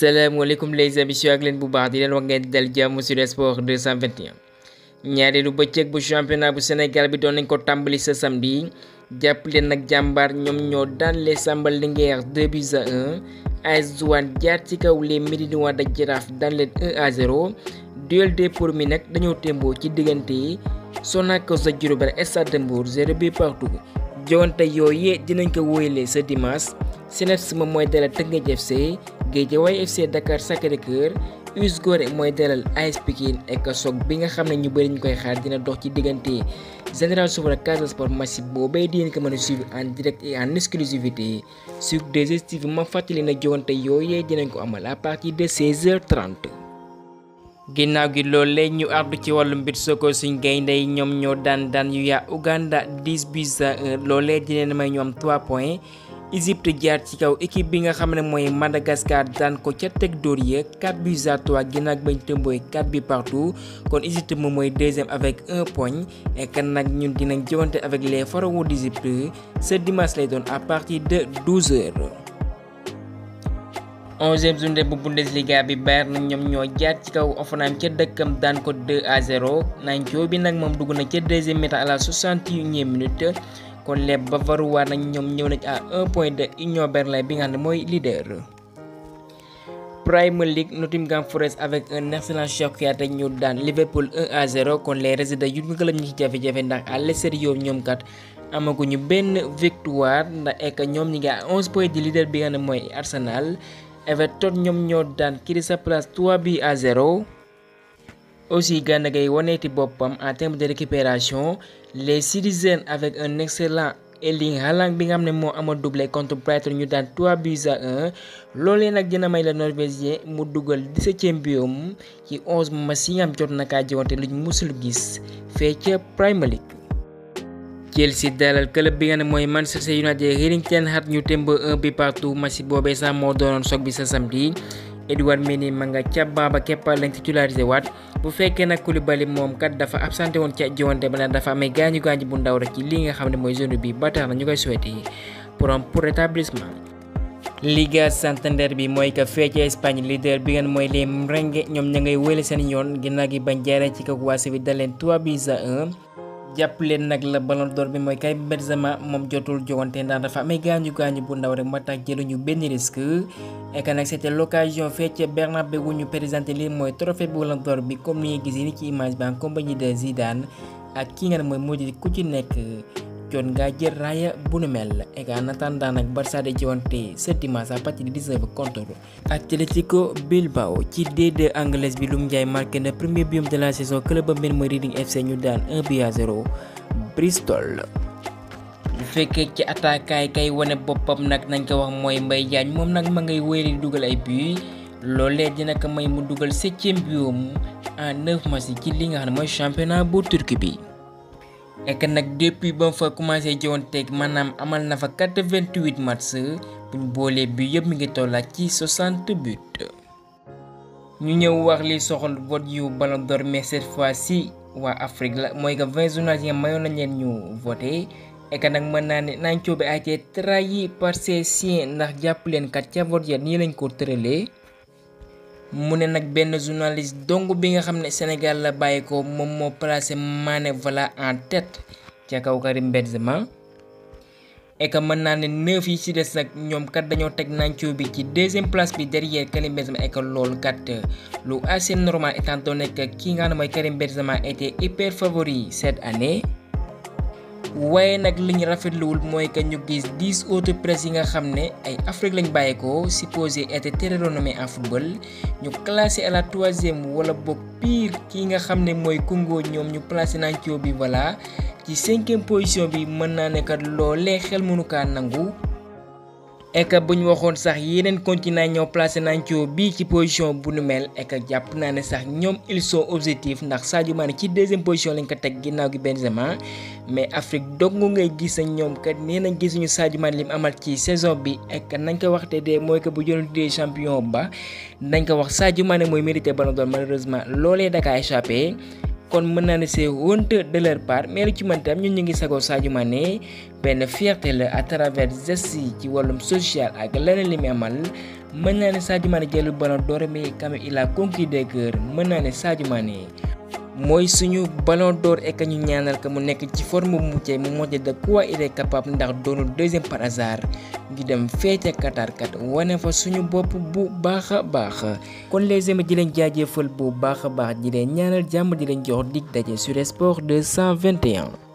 salaamaaleykum les amis ak leen bu baax di leen wax ngeen di dal jàmm Sud Sport 221 ñaareelu bëccëg bu championnat bu Sénégal bi doon nañ ko tàmbali sa samedi jàpp leen nag jàmbaar ñoom ñoo daan les Samba Linguère 2 buts à jaar ci kaw les Médinois de Jaraaf daan leen 1 à 0 duel pour mi nag dañoo témboo ci diggante Sonacos de Diourbel Stade de Mbour 0 bi partout. jowante yooyee dinañ ko wóoyalee sa dimanche CNEPS moom mooy dalal Teungueth FC Guédiawaye FC Dakar Sacré-Cœur US Gorée mooy dalal AS Pikine ak Sock bi nga xam ne ñu bëri ñu koy xaar dina dox ci diggante Général Souf ak Casa Sport match boobee dinañ ko mën a suivre en direct et en exclusivité sur 2STV ma fàttali na jowante yooyee dinañ ko amal à partir de 16 h ginnaaw gi loolee ñu àddu ci wàllum mbir soko suñ gaynde yi ñoom ñoo daan daan yu yaa Uganda 10 buts à 1 loolee di leen may ñoom 3 points Égypte jaar ci kaw équipe bi nga xam ne mooy Madagascar daan ko ca teg dóor ya 4 buts à 3 ginnaaw bañ tëmbooy 4 bi partout kon Égypte moom mooy deuxième avec 1 point et nag ñun dinañ jëwante avec les Pharaons d'Égypte ce dimanche lay doon à partir de 12 onzième journée bu Bundesliga bi na ñoom ñoo jaar ci kaw Hoffenheim ca dëkkam daan ko 2 à 0 bi nag moom dugg na ca deuxième mi-temps à la 61e minute kon les Bavarois nag ñoom ñëw nañ à un point de Union Berlin bi nga xam ne mooy leader. Premier League Nottingham Forest avec un excellent Cheikh Kouyaté ñu daan Liverpool 1 à 0 kon les résidents yu ñu club ñi ci jafe-jafe ndax à l'extérieur ñoom kat amaguñu benn victoire ndax ek ñoom ñi a à 11 points bi nga xam ne mooy Arsenal. Everton ñoom ñoo daan sa Palace 3 bi à 0 aussi Gana Gueye waneeti boppam en termes de récupération les citizens avec un excellent Erling Haaland bi nga xam ne moo ama doublé contre Brighton ñu daan 3 buts à 1 loolee nag dina may la norvégien mu dugal 17e biom ci 11 match yi nga xam jot na kaa jiwante musul gis fee ca Premier Chelsea dalal club bi nga ne mooy Manchester United Hurricane Heart ñu temb un bi partout match boobee sax moo doonoon soog bi sa samedi Edouard Mendy ma nga ca baaba keppal lañ titularisé waat bu fekkee nag Koulibaly moom kat dafa absenté woon ca jiwante ba nag dafa amee gaañu gaañu bu ndaw rek ci li nga xam ne mooy zone bi ba tax na ñu koy souhaité prompt pour rétablissement. Liga Santander bi moy ka fee ca Espagne leader bi ngeen moy les merengue ñom ña ngay sen yoon ginnagi gi bañ jaaree ci kaw waa Séville daleen 3 buts à 1. jàpp leen nag la ballon d'or bi mooy kay Benzema moom jotul jogante ndax dafa amee gaañu gaañu bu ndaw rek moo tax ñu benn risque et que nag c'était l'occasion fee ca Bernabeu ñu présenté lii mooy trophée ballon d'or bi comme ni nga gisee ni ci image bi en compagnie de Zidane ak ki nga ne mooy moo di ku ci nekk coonga jël raya bu nu mel et qu'en attendant nag Barça de jiwante ce dimanche à partir de 19 contre Atletico Bilbao ci D2 anglaise bi lum jay marqué na premier but de la saison club ba mel Reading FC ñu daan 1 0 Bristol. bu ci attaquant yi kay woné bopam nak nañ ko wax moy Mbaye jañ mom nak ma ngay wéyal di ay buts lolé dina ko may mu 7e but en 9 matchs ci li nga xamné moy championnat bu Turquie bi. et nag depuis ba mu fa commencé jiwanteeg maanaam amal na fa 88 match buñ boolee bi yëpp mi ngi tollaat ci 60 but ñu ñëw wax li soxal vote yu bala d'Or mais cette fois ci waa Afrique la mooy que 20 journalistes mayoon nañ leen ñu voté et nag mën naa ne Nacho Bé a été trahi par ses siens ndax jàpp leen kat ca vote ya nii lañ ko tëralee. mu ne nag benn journaliste dong bi nga xam ne Sénégal la bàyyi ko moom moo placé Mané Vala en tête ca kaw Karim Benzema et que mën naa ne neuf yi ci des nag ñoom kat dañoo teg nañ bi ci deuxième place bi derrière Karim Benzema et que loolu kat lu assez normal étant donné que ki nga xam ne mooy Karim Benzema était hyper favori cette année. waaye nag li ñu rafetluwul mooy que ñu gis dix autres presse yi nga xam ne ay Afrique lañ bàyyeekoo supposé être très renommé en football ñu classé à la troisième wala boog pire ki nga xam ne mooy Congo ñoom ñu placé nañ ci bi voilà ci cinquième position bi mën naa ne kat loolee xel mënu kaa nangu. et que bu ñu waxoon sax yeneen continent ñoo placé nañ ci bii ci position bu nu mel et jàpp naa ne sax ñoom ils sont objectifs ndax Sadio Mané ci deuxième position lañ ko teg ginnaaw gi Benzema mais Afrique dong ngay gis ak ñoom kat nee nañ gisuñu Sadio li mu amal ci saison bi et nañ ko wax te de mooy que bu jëloon di champion ba nañ ko wax Sadio Mané mooy mérité Ballon d'Or malheureusement loolee da kaa échappé. kon mën naa ne c'est honte de leur part mais ci mën tam ñun ñu ngi sagoo Sadio Mané benn fierté la à travers geste yi ci wàllum social ak leneen li mu amal mën naa ne Sadio Mané jëlul ballon d'or mais quand même il a conquis des cœurs mën naa ne Sadio Mané mooy suñu ballon d'or ek ñu ñaanal ko mu nekk ci forme bu muccee mu montre de quoi il est capable ndax doonul deuxième par hasard ngi dem feete Qatar kat wane fa suñu bopp bu baax a baax kon les ji di leen jaajëfal bu baax a baax di leen ñaanal jàmm ji leen jox dig daje sur sport 221